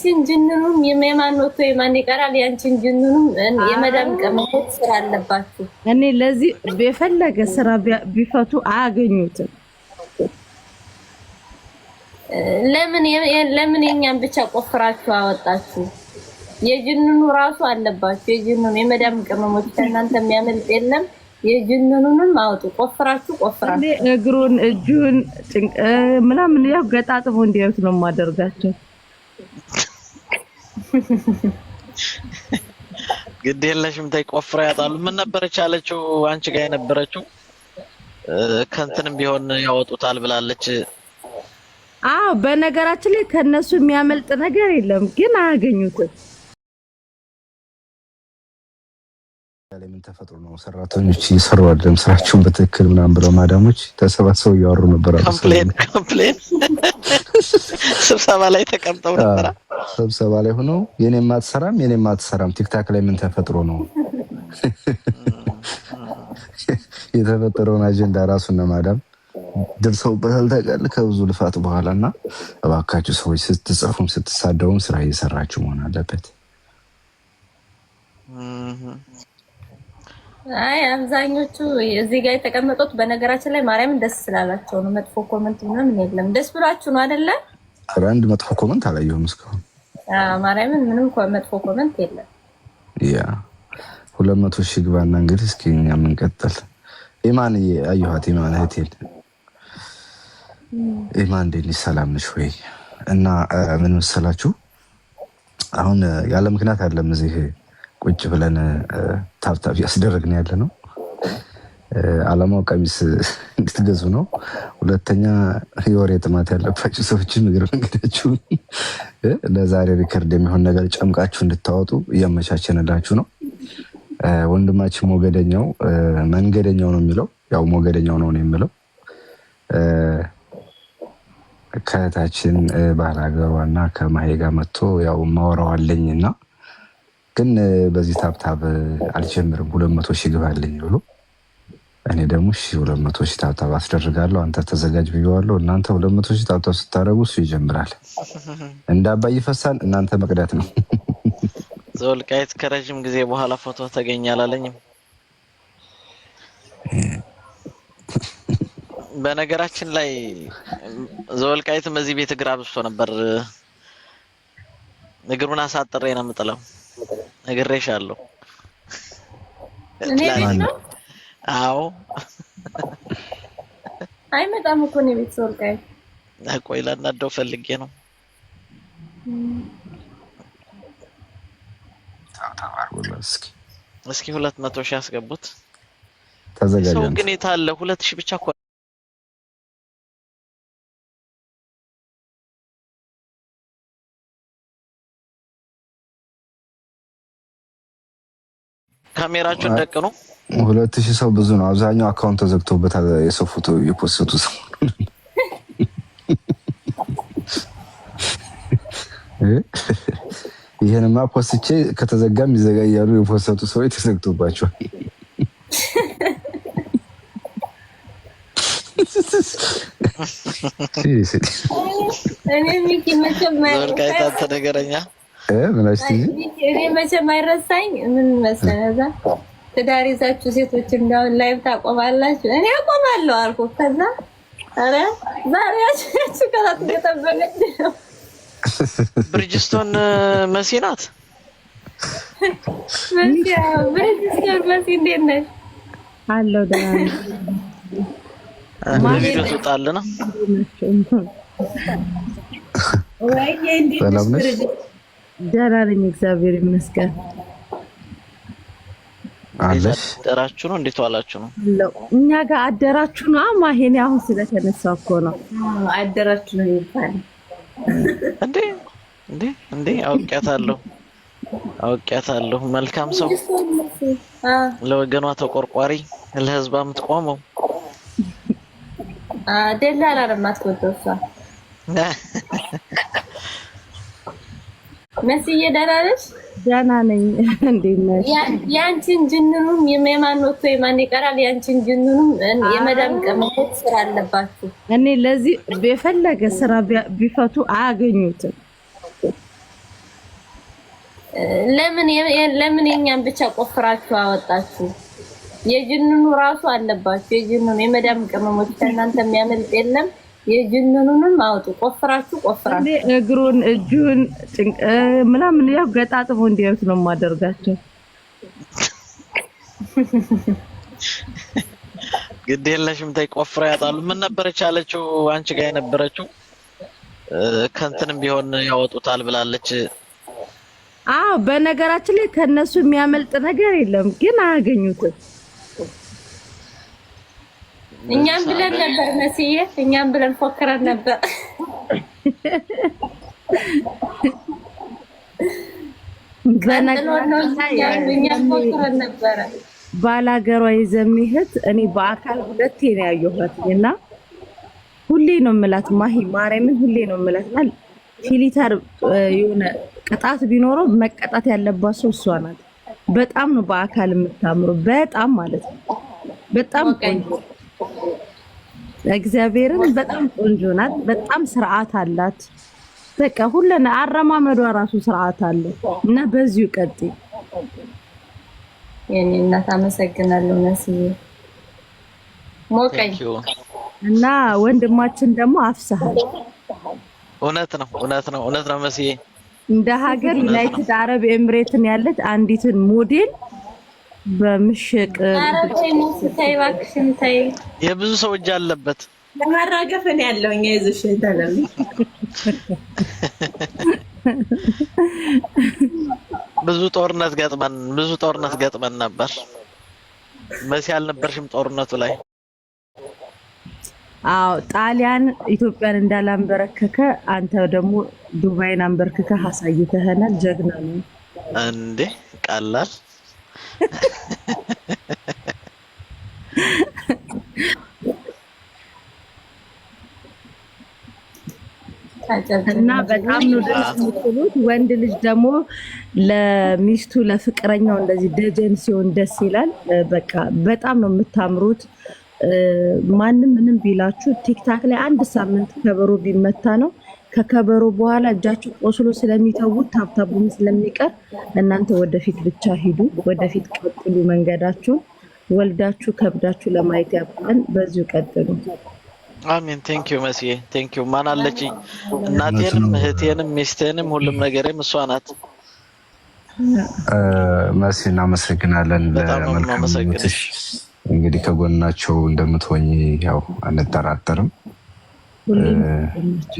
ያንቺን ጅንኑም የማን የማን ይቀራል? ያንቺን ጅንኑም የመዳም ቀመት ስራ አለባችሁ። እኔ ለዚህ የፈለገ ስራ ቢፈቱ አያገኙትም። ለምን ለምን የኛን ብቻ ቆፍራችሁ አወጣችሁ? የጅንኑ ራሱ አለባችሁ። የጅንኑ የመዳም ቀመሞች ከእናንተ የሚያመልጥ የለም። የጅንኑንም አውጡ ቆፍራችሁ ቆፍራችሁ እግሩን እጁን ምናምን ያው ገጣጥሞ እንዲያዩት ነው የማደርጋቸው። ግድ የለሽም ተይ፣ ቆፍራ ያጣሉ። ምን ነበረች ያለችው? አንቺ ጋር የነበረችው ከእንትንም ቢሆን ያወጡታል ብላለች። አዎ፣ በነገራችን ላይ ከነሱ የሚያመልጥ ነገር የለም፣ ግን አያገኙትም። ምን ተፈጥሮ ነው? ሰራተኞች እየሰሩ አይደለም ስራቸውን በትክክል ምናምን ብለው ማዳሞች ተሰባስበው እያወሩ ነበር። ኮምፕሌን ኮምፕሌን ስብሰባ ላይ ተቀምጠው ነበራ ስብሰባ ላይ ሆኖ የኔ ማትሰራም የኔ ማትሰራም ቲክታክ ላይ ምን ተፈጥሮ ነው? የተፈጠረውን አጀንዳ ራሱን ለማዳም ደርሰውበታል ታውቃለህ። ከብዙ ልፋት በኋላ እና እባካችሁ ሰዎች ስትጽፉም ስትሳደቡም ስራ እየሰራችሁ መሆን አለበት። አይ አብዛኞቹ እዚህ ጋር የተቀመጡት በነገራችን ላይ ማርያምን ደስ ስላላቸው ነው። መጥፎ ኮመንት ምናምን የለም። ደስ ብሏችሁ ነው አይደለ? አንድ መጥፎ ኮመንት አላየሁም እስካሁን ማርያምን ምንም መጥፎ ኮመንት የለም። ያ ሁለት መቶ ሺህ ግባና እንግዲህ እስኪ ኢማን አየኋት። ኢማን እህቴን ኢማን እንዴት ነሽ? ሰላም ነሽ ወይ? እና ምን መሰላችሁ አሁን ያለ ምክንያት አይደለም እዚህ ቁጭ ብለን ታብታብ እያስደረግን ያለ ነው አላማው ቀሚስ እንድትገዙ ነው። ሁለተኛ የወሬ ጥማት ያለባቸው ሰዎችን እግር መንገዳችሁ ለዛሬ ሪከርድ የሚሆን ነገር ጨምቃችሁ እንድታወጡ እያመቻቸንላችሁ ነው። ወንድማችን ሞገደኛው መንገደኛው ነው የሚለው ያው ሞገደኛው ነው የሚለው ከእህታችን ባህል ሀገሯና ከማሄ ጋር መጥቶ ያው ማወራዋለኝ እና ግን በዚህ ታብታብ አልጀምርም ሁለት መቶ ሺህ ግባለኝ ብሎ እኔ ደግሞ ሺ ሁለት መቶ ሺህ ታብታብ አስደርጋለሁ። አንተ ተዘጋጅ ብየዋለሁ። እናንተ ሁለት መቶ ሺህ ታብታብ ስታደረጉ እሱ ይጀምራል። እንደ አባይ ይፈሳል። እናንተ መቅዳት ነው። ዘወልቃይት ከረዥም ጊዜ በኋላ ፎቶ ተገኘ አላለኝም። በነገራችን ላይ ዘወልቃይትም በዚህ ቤት እግር አብሶ ነበር። እግሩን አሳጥሬ ነው የምጥለው። እግሬሻለሁ አዎ አይመጣም እኮ ነው ቤት ሰው ጋር ቆይ ላናደው ፈልጌ ነው። እስኪ ሁለት መቶ ሺህ ያስገቡት። ሰው ግን የታለ? ሁለት ሺህ ብቻ እኮ ካሜራችሁን ደቅኑ። ሁለት ሺህ ሰው ብዙ ነው። አብዛኛው አካውንት ተዘግቶበታል። የሰው ፎቶ የፖስቱ ሰው ይህንማ ፖስትቼ ከተዘጋም ይዘጋያሉ። የፖስቱ ሰዎች ተዘግቶባቸዋል። ነገረኛ እኔ መቼም አይረሳኝ ምን መሰለህ ትዳር ይዛችሁ ሴቶች እንዳሁን ላይ ታቆማላችሁ? እኔ አቆማለሁ አልኩ። ከዛ አረ ዛሬ ያቺ ከራት እየጠበቀች ነው። ብርጅስቶን መሲ ናት። ብሪጅስቶን መሲ እንዴት ነሽ? አለው ቪዲዮ ትወጣለ ነው ደህና ነኝ፣ እግዚአብሔር ይመስገን። አደራችሁ ነው? እንዴት ዋላችሁ ነው? እኛ ጋር አደራችሁ ነው። አማ ይሄኔ አሁን ስለተነሳ እኮ ነው አደራችሁ ነው ይባል እንዴ እንዴ እንዴ! አውቄያታለሁ አውቄያታለሁ። መልካም ሰው፣ ለወገኗ ተቆርቋሪ፣ ለህዝብ የምትቆመው ደላላ ነው የማትጎዳው እሷ። መስዬ ደህና ነሽ? ደህና ነኝ። እንዴት ነሽ? ያንቺን ጅንኑም የማን ወጥቶ የማን ይቀራል? ያንቺን ጅንኑም የመዳም ቀመት ስራ አለባችሁ። እኔ ለዚህ የፈለገ ስራ ቢፈቱ አያገኙትም። ለምን ለምን የኛን ብቻ ቆፍራችሁ አወጣችሁ? የጅንኑ ራሱ አለባችሁ። የጅንኑ የመዳም ቀመሞች ከእናንተ የሚያመልጥ የለም። የጅንኑንም አውጡ ቆፍራችሁ ቆፍራችሁ እግሩን እጁን ምናምን ያው ገጣጥፎ እንዲያዩት ነው የማደርጋቸው። ግድ የለሽም ተይ፣ ቆፍራ ያጣሉ። ምን ነበረች ያለችው አንቺ ጋር የነበረችው? ከእንትንም ቢሆን ያወጡታል ብላለች። አዎ፣ በነገራችን ላይ ከነሱ የሚያመልጥ ነገር የለም፣ ግን አያገኙትም እኛም ብለን ነበር መስዬ፣ እኛም ብለን ፎክረን ነበር። ባላገሯ የዘሚህት እኔ በአካል ሁለቴ ነው ያየኋት እና ሁሌ ነው የምላት ማሂ ማርያምን ሁሌ ነው የምላት እና ፊሊተር የሆነ ቅጣት ቢኖረው መቀጣት ያለባት ሰው እሷ ናት። በጣም ነው በአካል የምታምሩ፣ በጣም ማለት ነው። በጣም ቆንጆ እግዚአብሔርን በጣም ቆንጆ ናት። በጣም ስርዓት አላት። በቃ ሁለ አረማመዷ ራሱ ስርዓት አለው እና በዚሁ ቀጥይ። የኔ እናት አመሰግናለሁ። ነስዬ ሞቀኝ እና ወንድማችን ደግሞ አፍሳሃል። እውነት ነው፣ እውነት ነው፣ እውነት ነው መስዬ እንደ ሀገር ዩናይትድ አረብ ኤምሬትን ያለች አንዲትን ሞዴል በምሽቅ የብዙ ሰው እጅ አለበት። ለማራገፍ እኔ ያለውኛ ይዞሽ ታለም ብዙ ጦርነት ገጥመን ብዙ ጦርነት ገጥመን ነበር። መሲ አልነበርሽም ጦርነቱ ላይ? አዎ ጣሊያን ኢትዮጵያን እንዳላንበረከከ አንተ ደግሞ ዱባይን አንበርክከ አሳይተኸናል። ጀግና ነው እንዴ! ቀላል እና በጣም ነው ደስ የምትሉት። ወንድ ልጅ ደግሞ ለሚስቱ ለፍቅረኛው እንደዚህ ደጀን ሲሆን ደስ ይላል። በቃ በጣም ነው የምታምሩት። ማንም ምንም ቢላችሁ ቲክታክ ላይ አንድ ሳምንት ከበሮ ቢመታ ነው ከከበሮ በኋላ እጃችሁ ቆስሎ ስለሚተውት ታብታቡም ስለሚቀር እናንተ ወደፊት ብቻ ሂዱ፣ ወደፊት ቀጥሉ መንገዳችሁን። ወልዳችሁ ከብዳችሁ ለማየት ያብቃን። በዚሁ ቀጥሉ። አሚን። ቴንክ ዩ መስዬ ቴንክ ዩ። ማን አለች? እናቴንም እህቴንም ሚስቴንም ሁሉም ነገሬም እሷ ናት። መሲ እናመሰግናለን። ለመልካም መልካም እንግዲህ ከጎናቸው እንደምትሆኝ ያው አንጠራጠርም።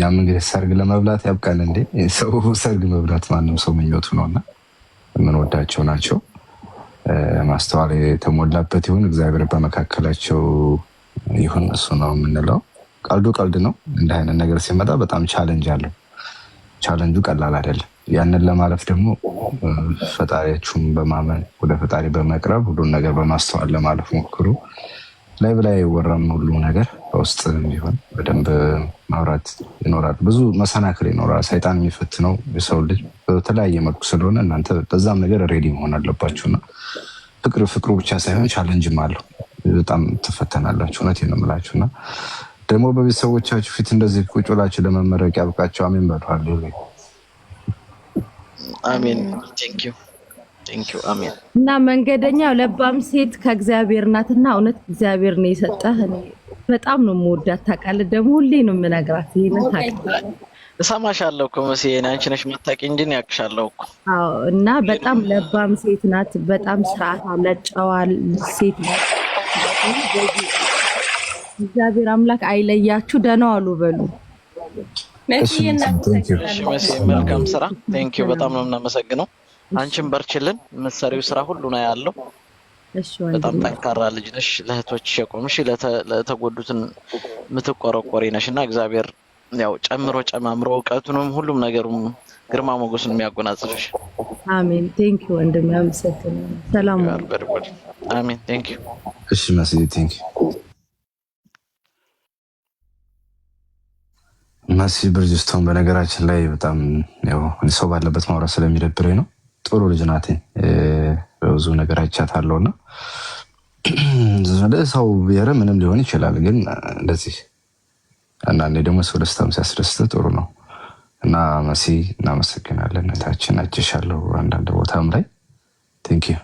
ያም እንግዲህ ሰርግ ለመብላት ያብቃል። እንዴ ሰው ሰርግ መብላት ማንም ሰው ምኞቱ ነውና የምንወዳቸው ናቸው። ማስተዋል የተሞላበት ይሁን፣ እግዚአብሔር በመካከላቸው ይሁን። እሱ ነው የምንለው። ቀልዱ ቀልድ ነው። እንደ አይነት ነገር ሲመጣ በጣም ቻለንጅ አለው። ቻለንጁ ቀላል አይደለም። ያንን ለማለፍ ደግሞ ፈጣሪያችሁን በማመን ወደ ፈጣሪ በመቅረብ ሁሉን ነገር በማስተዋል ለማለፍ ሞክሩ። ላይ በላይ አይወራም ሁሉ ነገር በውስጥ ቢሆን በደንብ ማብራት ይኖራል። ብዙ መሰናክል ይኖራል። ሰይጣን የሚፈትነው የሰው ልጅ በተለያየ መልኩ ስለሆነ እናንተ በዛም ነገር ሬዲ መሆን አለባችሁና ፍቅር ፍቅሩ ብቻ ሳይሆን ቻለንጅም አለው። በጣም ትፈተናላችሁ። እውነት ነው የምላችሁ እና ደግሞ በቤተሰቦቻችሁ ፊት እንደዚህ ቁጭ ብላችሁ ለመመረቅ ያብቃቸው። አሜን በሏል። አሜን እና መንገደኛው ለባም ሴት ከእግዚአብሔር ናትና እውነት እግዚአብሔር ነው የሰጠህ በጣም ነው የምወዳት ታውቃለህ። ደግሞ ሁሌ ነው የምነግራት ይሄንን ታውቃለህ። እሰማሻለሁ እኮ መሲ አንቺ ነሽ መታቂ እንጂ እኔ ያቅሻለሁ እኮ። አዎ እና በጣም ለባም ሴት ናት። በጣም ስርዓት ለጨዋል ሴት ናት። እግዚአብሔር አምላክ አይለያችሁ። ደህና ዋሉ በሉ። መልካም ስራ። ቴንኪው በጣም ነው የምናመሰግነው። አንቺን በርችልን። የምትሰሪው ስራ ሁሉ ነው ያለው በጣም ጠንካራ ልጅ ነሽ። ለእህቶች የቆምሽ ለተጎዱትን ምትቆረቆሪ ነሽ እና እግዚአብሔር ያው ጨምሮ ጨማምሮ እውቀቱንም ሁሉም ነገሩም ግርማ ሞገሱን የሚያጎናጽፍሽ። አሜን። ቴንክ ዩ ወንድም ያመሰግን። ሰላም። አሜን። ቴንክ ዩ። እሺ መስዬ ቴንክ መሲ ብርጅስቶን። በነገራችን ላይ በጣም ያው ሰው ባለበት ማውራት ስለሚደብረኝ ነው። ጥሩ ልጅ ናትኝ ብዙ ነገር አይቻታለሁ እና ሰው ብሔረ ምንም ሊሆን ይችላል፣ ግን እንደዚህ አንዳንዴ ደግሞ ሰው ደስታም ሲያስደስት ጥሩ ነው እና መሲ እናመሰግናለን። ታችን አይቼሻለሁ አንዳንድ ቦታም ላይ ቴንኪው